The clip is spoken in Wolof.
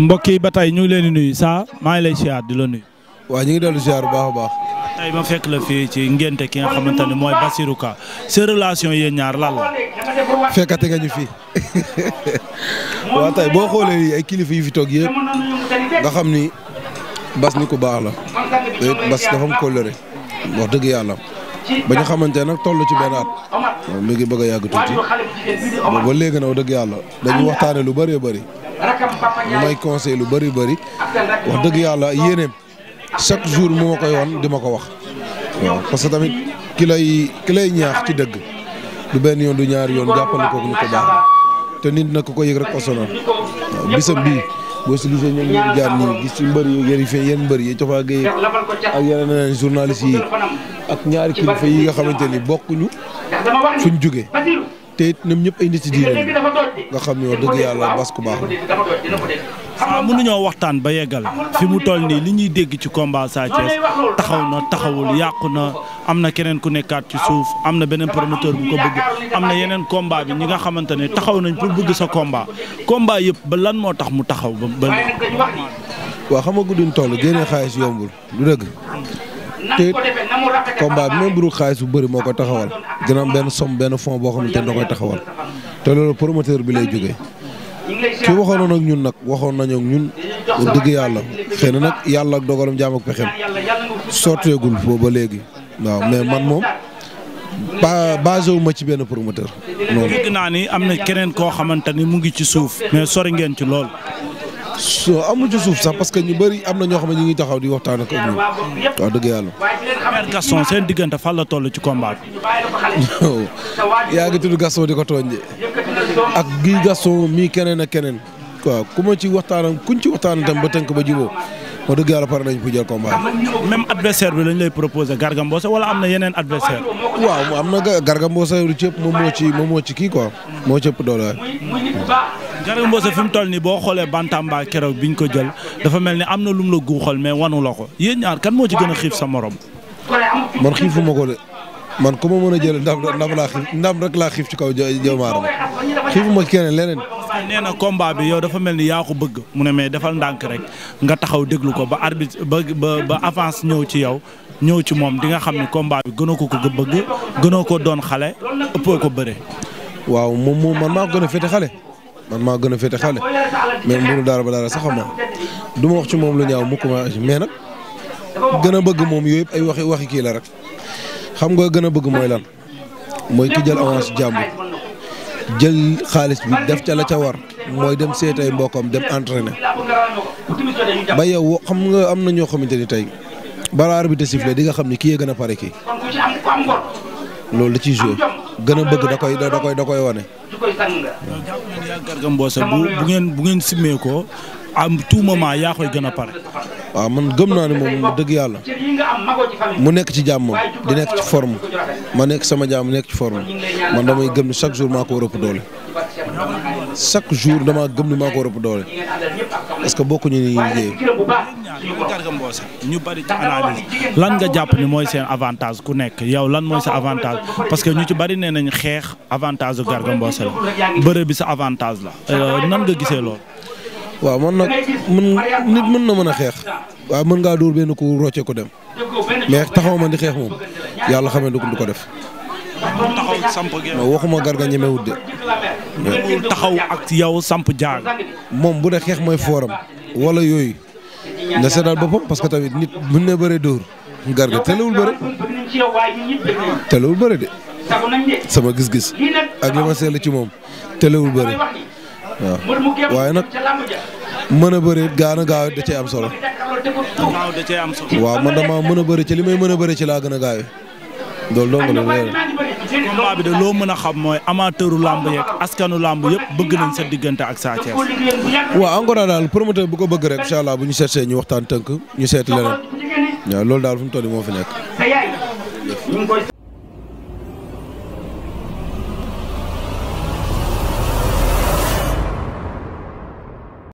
mbokk yi ba tey ñu ngi leen di nuyu saa maa ngi lay siyaar di la nuyu. waa ñu ngi dellu siyaar bu baax a baax. tey ma fekk la fii ci ngénte ki nga xamante ne mooy Bassirou Ka seen relation yéen ñaar lal la. fekkate nga ñu fii waaw tey boo xoolee ay kilifa yu fi toog yëpp nga xam ni bas ni ku baax la te it Bass dafa am dëgg yàlla ba ñu xamante nag toll ci benn at mi ngi bëgg a yàgg tuuti ba léegi nag wax dëgg yàlla dañu waxtaane lu bëree bëri. lu may conseil lu bëri bëri wax dëgg yàlla yéeneem chaque jour mu ma koy wan di ma ko wax waaw parce que tamit kiloy lay ñaax ci dëgg du benn yoon du ñaari yoon jàppale kooku ni ko baax te nit na ko ko yëg rek ko sonal bisam bii boo si gisee ñoom ñoo jaar nii gis ci mbër yi yéen fi yéen mbër yi Cofa Gueye ak yeneen journaliste yi ak ñaari kilifa yi nga xamante ni bokkuñu fuñ jóge te it ñoom ñëpp ay nit ci diine nga xam ne dëgg yàlla bas ku baax la. mënuñoo waxtaan ba yeggal fi mu toll nii li ñuy dégg ci combat Sa Thiès taxaw na taxawul yàqu na am na keneen ku nekkaat ci suuf am na beneen promoteur bu ko bëgg am na yeneen combat bi ñi nga xamante ne taxaw nañ pour bëgg sa kombaa combat yëpp ba lan moo tax mu taxaw ba ba. waaw xam nga guddi toll génnee xaalis yombul du dëgg. te combat bi même bu xaalis bu bëri moo ko taxawal dina am benn somme benn fon boo xam ne da koy taxawal te loolu promoteur bi lay jógee ki waxoonoon na ak ñun nag waxoon nañu ak ñun digg yàlla xëy na yàlla ak dogalam jaam ak pexem sotteegul boobu ba léegi waaw mais man moom ba basé wu ci benn promoteur. noonu dégg naa ni am na keneen koo xamante ni mu ngi ci suuf mais sori ngeen ci lool. su amul ci suuf sax parce que ñu bëri am na ñoo xam ne ñu ngi taxaw di waxtaan ak ñoom waaw dëgg yàlla. Père Gaston seen diggante fan la toll ci combat bi. yaa ngi tudd Gaston di ko tooñ ak gi Gaston mii keneen ak keneen. waaw ku ma ci waxtaan kuñ ci waxtaan tam ba tënk ba jubóo. wax dëgg yàlla pare nañ pour jël combat même adversaire bi lañ lay proposé Garga Mbossé wala am na yeneen adversaire waaw am na Garga Mbossé lu moo moo ci kii quoi moo ci ëpp doole Garga fi mu toll nii boo xoolee Bantamba keroog biñ ko jël dafa mel ni am na lum la guuxal mais wanu la ko yéen ñaar kan moo ci gën a xiif sa morom man xiifuma ko de man ku ma mën a jël ndam ndam laa xiif ndam rek laa xiif ci kaw jëmaaram xiifuma keneen leneen nee na combat bi yow dafa mel ni yaa ko bëgg mu ne mais defal ndànk rek nga taxaw déglu ko ba arbitre ba avance ñëw ci yow ñëw ci moom di nga xam ne combat bi gënoo ko ko bëgg gënoo ko doon xale ëppoo ko bëre. waaw moom moom man maa gën xale man maa gën a xale mais mbiru dara ba dara sax xam du ma wax ci moom lu ñaaw mukk ma mais nag gën a bëgg moom yooyu yëpp ay waxi waxi kii la rek xam nga gën a bëgg mooy lan mooy ki jël avance jàmbur. jël xaalis bi def ca la ca war mooy dem seetay mbokkam dem entraîner ba yow xam nga am na ñoo xamante ni tey balaa arbitre sifflé di nga xam ni ki yee gën a pare kii loolu da ciy joué gën a bëgg da koy da koy da koy wane. Garga Mbossé bu bu ngeen bu ngeen simmee ko am tout moment yaa koy gën a pare. waaw man gëm naa ne moom dëgg yàlla mu nekk ci jàmmam di nekk ci forme ma nekk sama jàmm nekk ci forme man damay gëm ni chaque jour maa ko war a doole jour damaa gëm ni ko war a ëpp doole parce que bokkuñu ni ñuy liggéey. ñu bari ci lan nga jàpp ni mooy seen avantage ku nekk yow lan mooy sa avantage parce que ñu ci bari nee nañ xeex avantage su Garga Mbossé la bi sa avantage la euh, nan nga gisee loolu. waaw man nag mën nit mën na mën a xeex waaw mën ngaa dóor benn ko rocce ko dem mais taxaw ma di xeex moom yàlla xam ne ko def. taxaw samp waxuma Garga ñemewut de. ñemewul taxaw ak yow samp jaag. moom bu dee xeex mooy fooram wala yooyu nga seetal boppam parce que tamit nit mën ne bëree dóor Garga telewul bëre telewul bëre de sama gis-gis ak li ma ci moom telewul bëre. waa waaye nag mën a bëri gaa na gaaw da cee am solo. waaw cee am solo. waaw man dama mën a bëri ci li may mën a bëri ci laa gën a gaawee loolu dong la loolu. combat bi de loo mën a xam mooy amateuru làmb yeeg askanu làmb yëpp bëgg nañ sa diggante ak Sa Thiès. waaw encore daal promoteur bu ko bëgg rek incha allah bu ñu seetsee ñu waxtaan tënk ñu seeti leneen waaw loolu daal fu mu toll moo fi nekk.